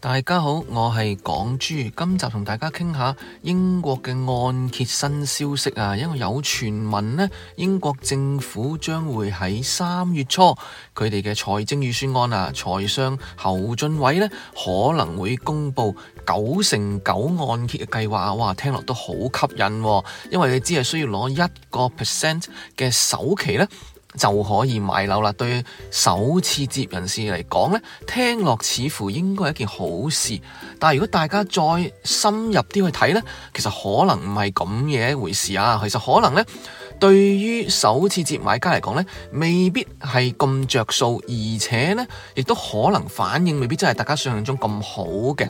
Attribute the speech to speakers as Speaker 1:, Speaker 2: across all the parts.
Speaker 1: 大家好，我係港豬。今集同大家傾下英國嘅按揭新消息啊，因為有傳聞呢，英國政府將會喺三月初佢哋嘅財政預算案啊，財相侯俊偉呢，可能會公布九成九按揭嘅計劃，哇，聽落都好吸引喎，因為你只係需要攞一個 percent 嘅首期呢。就可以買樓啦。對首次置人士嚟講呢，聽落似乎應該係一件好事。但係如果大家再深入啲去睇呢，其實可能唔係咁嘅一回事啊。其實可能呢，能對於首次置買家嚟講呢，未必係咁着數，而且呢亦都可能反應未必真係大家想像中咁好嘅。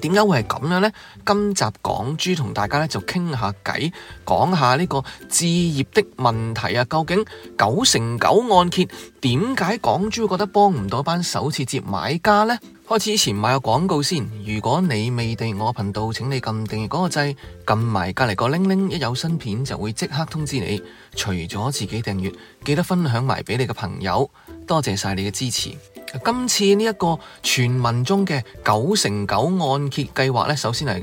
Speaker 1: 點解會係咁樣呢？今集港豬同大家咧就傾下偈，講下呢個置業的問題啊！究竟九成九按揭，點解港豬覺得幫唔到班首次接買家呢？開始之前買個廣告先。如果你未訂我頻道，請你撳訂閱嗰個掣，撳埋隔離個鈴鈴，一有新片就會即刻通知你。除咗自己訂閱，記得分享埋俾你嘅朋友。多謝晒你嘅支持。今次呢一個傳聞中嘅九成九按揭計劃呢，首先係，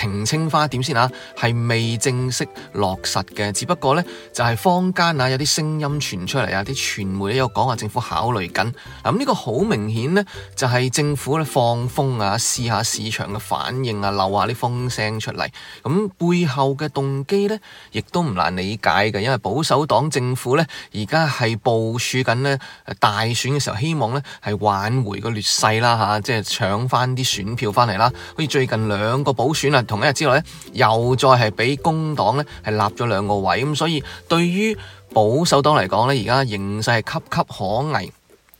Speaker 1: 澄清花點先啊，係未正式落實嘅，只不過呢，就係坊間啊有啲聲音傳出嚟啊，啲傳媒有講話政府考慮緊。咁、這、呢個好明顯呢，就係政府咧放風啊，試下市場嘅反應啊，漏下啲風聲出嚟。咁背後嘅動機呢，亦都唔難理解嘅，因為保守黨政府呢，而家係部署緊呢大選嘅時候，希望呢係挽回個劣勢啦嚇，即係搶翻啲選票翻嚟啦。好似最近兩個補選啊。同一日之內咧，又再係俾工黨咧係立咗兩個位，咁所以對於保守黨嚟講咧，而家形勢係岌岌可危，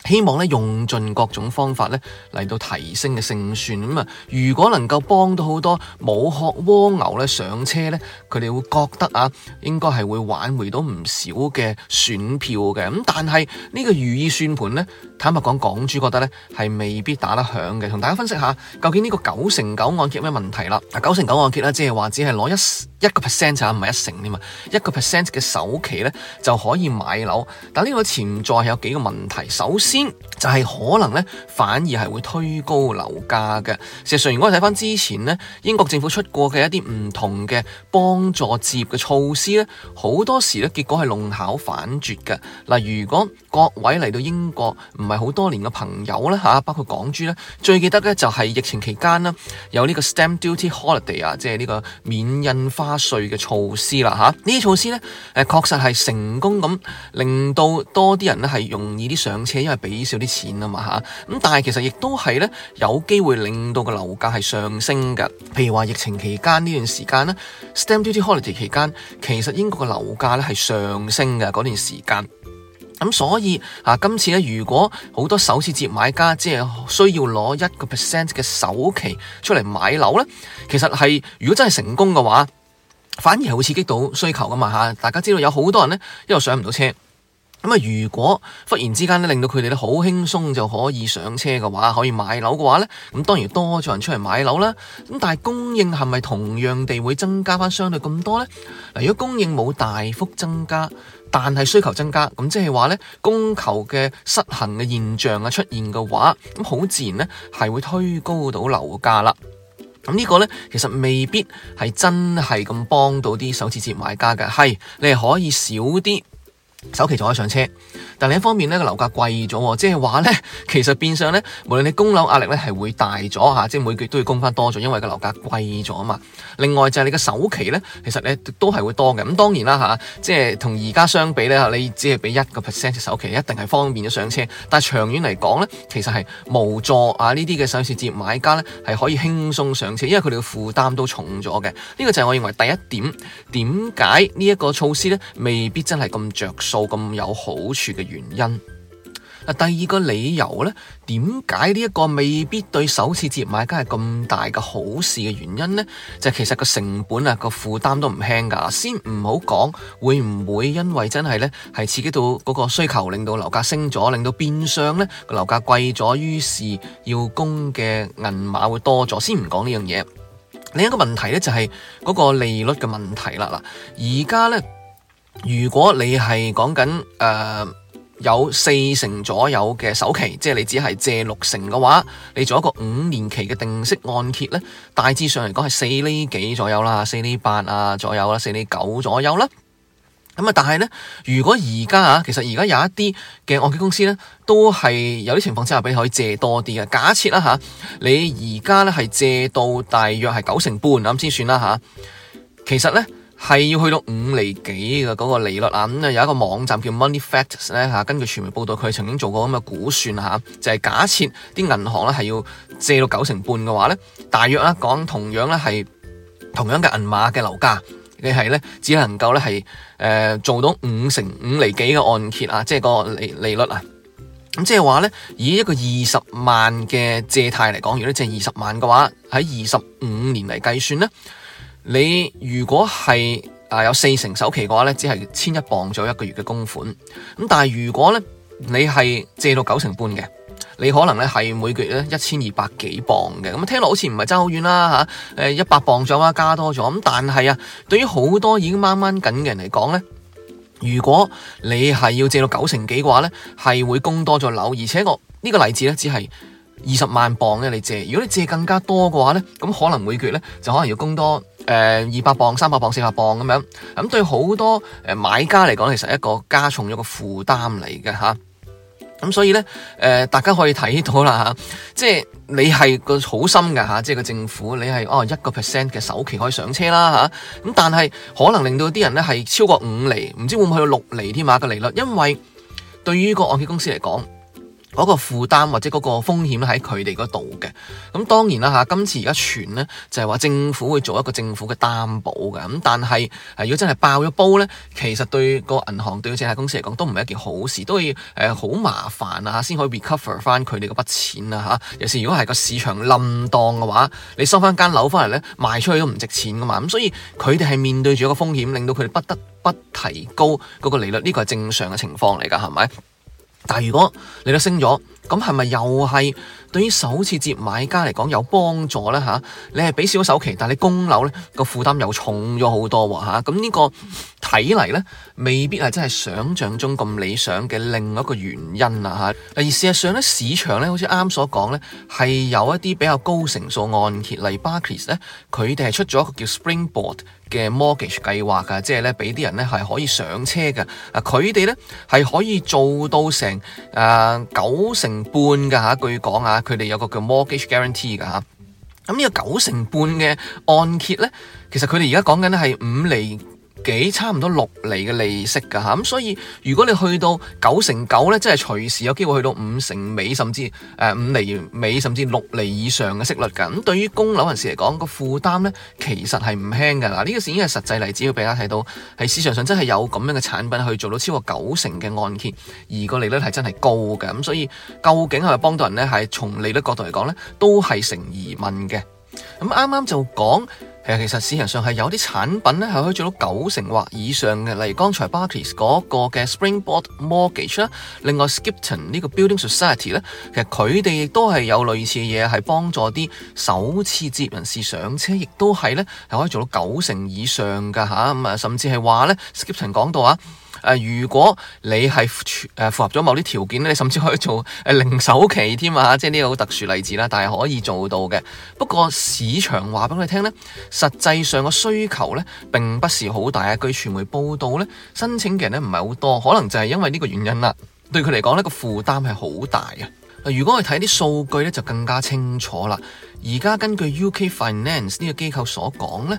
Speaker 1: 希望咧用盡各種方法咧嚟到提升嘅勝算。咁啊，如果能夠幫到好多冇殼蝸牛咧上車咧，佢哋會覺得啊，應該係會挽回到唔少嘅選票嘅。咁但係呢個如意算盤咧。坦白講，港豬覺得呢係未必打得響嘅。同大家分析下，究竟呢個九成九按揭有咩問題啦？嗱，九成九按揭呢，即係話只係攞一一個 percent 啊，唔係一成添嘛，一個 percent 嘅首期呢就可以買樓，但呢個潛在係有幾個問題。首先就係、是、可能呢，反而係會推高樓價嘅。事實上，如果睇翻之前呢，英國政府出過嘅一啲唔同嘅幫助置業嘅措施呢，好多時呢結果係弄巧反拙嘅。嗱，如果各位嚟到英國咪好多年嘅朋友咧嚇，包括港珠咧，最記得咧就係疫情期間啦，有呢個 Stamp Duty Holiday 啊，即係呢個免印花稅嘅措施啦嚇。呢啲措施咧，誒確實係成功咁令到多啲人咧係容易啲上車，因為俾少啲錢啊嘛嚇。咁但係其實亦都係咧有機會令到個樓價係上升嘅。譬如話疫情期間呢段時間咧，Stamp Duty Holiday 期間，其實英國嘅樓價咧係上升嘅嗰段時間。咁所以啊，今次咧，如果好多首次置業買家即係需要攞一個 percent 嘅首期出嚟買樓咧，其實係如果真係成功嘅話，反而係會刺激到需求噶嘛吓。大家知道有好多人咧，因為上唔到車。咁啊！如果忽然之間咧，令到佢哋咧好輕鬆就可以上車嘅話，可以買樓嘅話咧，咁當然多咗人出嚟買樓啦。咁但係供應係咪同樣地會增加翻相對咁多咧？嗱，如果供應冇大幅增加，但係需求增加，咁即係話咧，供求嘅失衡嘅現象啊出現嘅話，咁好自然咧係會推高到樓價啦。咁、這、呢個咧其實未必係真係咁幫到啲首次置業買家嘅，係你係可以少啲。首期就可以上車，但另一方面呢個樓價貴咗，即係話呢，其實變相呢，無論你供樓壓力呢係會大咗吓、啊，即係每個月都要供翻多咗，因為個樓價貴咗嘛。另外就係你個首期呢，其實呢都係會多嘅。咁當然啦吓、啊，即係同而家相比呢，你只係俾一個 percent 嘅首期，一定係方便咗上車。但係長遠嚟講呢，其實係無助啊呢啲嘅首次置業買家呢，係可以輕鬆上車，因為佢哋嘅負擔都重咗嘅。呢、這個就係我認為第一點，點解呢一個措施呢，未必真係咁着？做咁有好處嘅原因。嗱，第二個理由呢？點解呢一個未必對首次接買家係咁大嘅好事嘅原因呢？就係其實個成本啊，個負擔都唔輕噶。先唔好講，會唔會因為真係呢係刺激到嗰個需求，令到樓價升咗，令到變相呢個樓價貴咗，於是要供嘅銀碼會多咗？先唔講呢樣嘢。另一個問題呢，就係嗰個利率嘅問題啦。嗱，而家呢。如果你係講緊誒有四成左右嘅首期，即係你只係借六成嘅話，你做一個五年期嘅定息按揭咧，大致上嚟講係四厘幾左右啦，四厘八啊左右啦，四厘九左右啦。咁啊，但係咧，如果而家啊，啊，其實而家有一啲嘅按揭公司咧，都係有啲情況之下，俾你可以借多啲嘅。假設啦吓，你而家咧係借到大約係九成半咁先算啦吓，其實咧。係要去到五厘幾嘅嗰個利率啊！咁啊，有一個網站叫 Money Facts 咧嚇，根據傳媒報道，佢曾經做過咁嘅估算嚇，就係、是、假設就係假設啲銀行咧係要借到九成半嘅話咧，大約咧講同樣咧係同樣嘅銀碼嘅樓價，你係咧只能夠咧係誒做到五成五厘幾嘅按揭啊，即係個利利率啊！咁即係話咧，以一個二十萬嘅借貸嚟講，如果借二十萬嘅話，喺二十五年嚟計算咧。你如果係啊有四成首期嘅話咧，只係千一磅咗一個月嘅供款咁。但係如果咧你係借到九成半嘅，你可能咧係每個月咧一千二百幾磅嘅。咁聽落好似唔係差好遠啦吓。誒，一百磅咗啦，加多咗咁。但係啊，對於好多已經掹掹緊嘅人嚟講咧，如果你係要借到九成幾嘅話咧，係會供多咗樓，而且個呢個例子咧只係二十萬磅咧你借。如果你借更加多嘅話咧，咁可能每個月咧就可能要供多。誒，二百磅、三百磅、四百磅咁樣，咁對好多誒買家嚟講，其實一個加重咗個負擔嚟嘅吓，咁所以呢，誒、呃，大家可以睇到啦吓，即係你係個好心㗎。吓，即係個政府，你係哦一個 percent 嘅首期可以上車啦吓，咁但係可能令到啲人呢係超過五厘，唔知會唔會去到六厘添下嘅利率，因為對於個按揭公司嚟講，嗰個負擔或者嗰個風險喺佢哋嗰度嘅，咁當然啦嚇今次而家傳咧就係話政府會做一個政府嘅擔保嘅，咁但係如果真係爆咗煲咧，其實對個銀行對政實公司嚟講都唔係一件好事，都要好麻煩啊，先可以 recover 翻佢哋嗰筆錢啊嚇。有時如果係個市場冧檔嘅話，你收翻間樓翻嚟咧賣出去都唔值錢噶嘛，咁所以佢哋係面對住一個風險，令到佢哋不得不提高嗰個利率，呢個係正常嘅情況嚟㗎，係咪？但如果你都升咗，咁係咪又係對於首次接買家嚟講有幫助咧？你係俾少咗首期，但你供樓咧個負擔又重咗好多喎，咁呢個睇嚟咧。未必係真係想像中咁理想嘅，另一個原因啦嚇。而事實上咧，市場咧，好似啱啱所講咧，係有一啲比較高成數按揭，例如 Barclays 咧，佢哋係出咗一個叫 Springboard 嘅 mortgage 計劃㗎，即係咧俾啲人咧係可以上車㗎。啊，佢哋咧係可以做到成、呃、九成半㗎嚇。據講啊，佢哋有個叫 mortgage guarantee 㗎嚇。咁呢個九成半嘅按揭咧，其實佢哋而家講緊係五厘。幾差唔多六厘嘅利息噶吓，咁所以如果你去到九成九咧，即係隨時有機會去到五成美，甚至誒五厘美，甚至六厘以上嘅息率噶。咁對於供樓人士嚟講，個負擔咧其實係唔輕噶。嗱，呢個事已經係實際例子，要俾大家睇到係市場上真係有咁樣嘅產品去做到超過九成嘅按揭，而個利率係真係高㗎。咁所以究竟係咪幫到人咧？係從利率角度嚟講咧，都係成疑問嘅。咁啱啱就講。其實其實市場上是有啲產品是係可以做到九成或以上嘅，例如剛才 Barclays 嗰個嘅 Springboard Mortgage，另外 Skipton 呢個 Building Society 其實佢哋亦都係有類似嘅嘢，係幫助啲首次置業人士上車，亦都係可以做到九成以上嘅，甚至係話呢 Skipton 講到啊。誒，如果你係誒符合咗某啲條件咧，你甚至可以做誒零首期添啊，即係呢個好特殊例子啦，但係可以做到嘅。不過市場話俾你聽咧，實際上個需求呢並不是好大。據傳媒報道呢，申請嘅人呢唔係好多，可能就係因為呢個原因啦。對佢嚟講呢，個負擔係好大啊。如果我哋睇啲數據呢，就更加清楚啦。而家根據 UK Finance 呢個機構所講呢。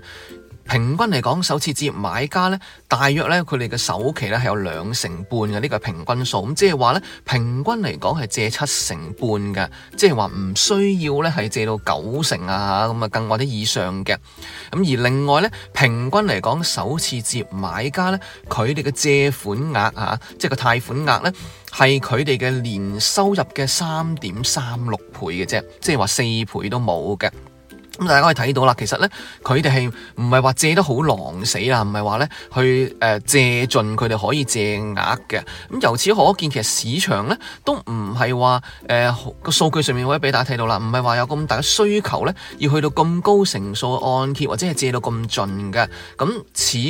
Speaker 1: 平均嚟講，首次置業買家咧，大約咧佢哋嘅首期咧係有兩成半嘅，呢個係平均數。咁即係話咧，平均嚟講係借七成半嘅，即係話唔需要咧係借到九成啊，咁啊更或者以上嘅。咁而另外咧，平均嚟講，首次置業買家咧，佢哋嘅借款額啊，即係個貸款額咧，係佢哋嘅年收入嘅三點三六倍嘅啫，即係話四倍都冇嘅。咁大家可以睇到啦，其實呢，佢哋係唔係話借得好狼死啊？唔係話呢，去誒借盡佢哋可以借額嘅。咁由此可見，其實市場呢都唔係話誒個數據上面可以俾大家睇到啦，唔係話有咁大嘅需求呢，要去到咁高成數嘅按揭或者係借到咁盡嘅。咁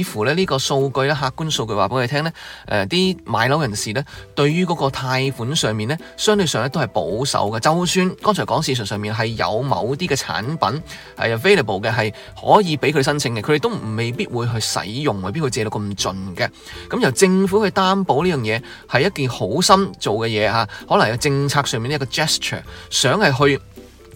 Speaker 1: 似乎呢，呢個數據呢，客觀數據話俾你哋聽呢，呃、啲買樓人士呢，對於嗰個貸款上面呢，相對上呢都係保守嘅。就算剛才講市場上面係有某啲嘅產品，係 available 嘅，係可以俾佢申請嘅，佢哋都未必會去使用，未必會借到咁盡嘅。咁由政府去擔保呢樣嘢係一件好心做嘅嘢吓，可能政策上面呢一個 gesture，想係去。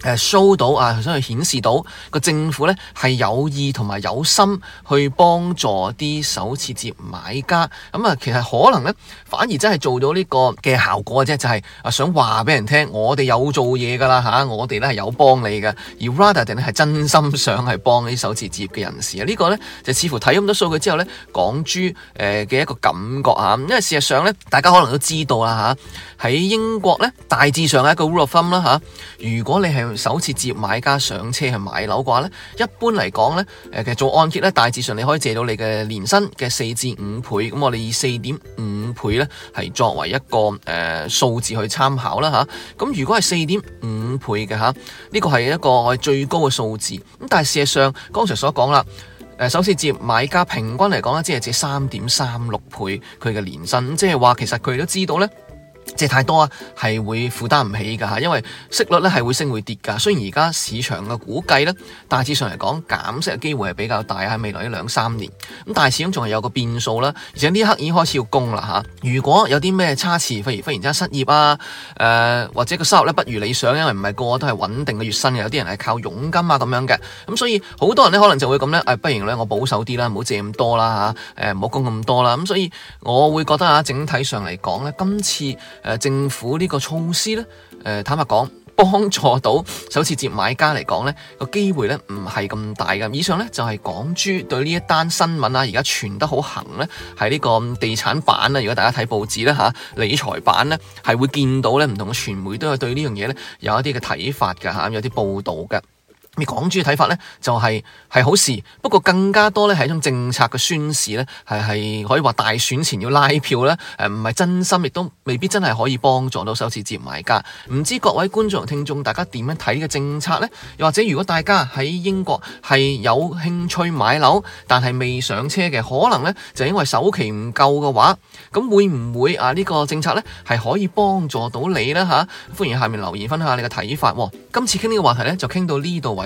Speaker 1: 誒、呃、show 到啊、呃，想去顯示到個政府呢係有意同埋有心去幫助啲首次置業買家，咁、嗯、啊其實可能呢，反而真係做到呢個嘅效果嘅啫，就係、是、啊想話俾人聽，我哋有做嘢㗎啦嚇，我哋呢係有幫你嘅，而 rather than 係真心想係幫啲首次置業嘅人士啊，呢、這個呢，就似乎睇咁多數據之後呢，港豬誒嘅一個感覺啊，因為事實上呢，大家可能都知道啦嚇，喺、啊、英國呢，大致上係一個 rule of thumb 啦嚇，如果你係。首次置業買家上車去買樓嘅話咧，一般嚟講呢，誒、其實做按揭呢，大致上你可以借到你嘅年薪嘅四至五倍，咁我哋以四點五倍呢係作為一個誒、呃、數字去參考啦吓，咁如果係四點五倍嘅吓，呢個係一個我哋最高嘅數字。咁但係事實上剛才所講啦，誒、首次置業買家平均嚟講呢，只係借三點三六倍佢嘅年薪，即係話其實佢都知道呢。借太多啊，係會負擔唔起㗎嚇，因為息率咧係會升會跌㗎。雖然而家市場嘅估計咧，大致上嚟講減息嘅機會係比較大喺未來呢兩三年。咁但係始終仲係有個變數啦，而且呢刻已經開始要供啦嚇。如果有啲咩差池，譬如忽然之間失業啊，誒、呃、或者個收入咧不如理想，因為唔係個個都係穩定嘅月薪嘅，有啲人係靠佣金啊咁樣嘅。咁所以好多人咧可能就會咁咧，不如咧我保守啲啦，唔好借咁多啦嚇，誒，唔好供咁多啦。咁所以我會覺得啊，整體上嚟講咧，今次。誒、呃、政府呢個措施呢，誒、呃、坦白講，幫助到首次接買家嚟講呢個機會呢唔係咁大㗎。以上呢，就係、是、港豬對呢一單新聞啊，而家傳得好行呢，喺呢個地產版啊，如果大家睇報紙咧嚇，理財版呢，係會見到呢唔同嘅傳媒都有對呢樣嘢呢有一啲嘅睇法㗎、啊、有啲報導㗎。港豬嘅睇法呢、就係，就係係好事，不過更加多呢，係一種政策嘅宣示呢係可以話大選前要拉票呢，唔係真心，亦都未必真係可以幫助到首次置業買家。唔知各位觀眾同聽眾大家點樣睇嘅政策呢？又或者如果大家喺英國係有興趣買樓，但係未上車嘅，可能呢，就因為首期唔夠嘅話，咁會唔會啊呢個政策呢係可以幫助到你呢？吓，歡迎下面留言分享下你嘅睇法。今次傾呢個話題呢，就傾到呢度為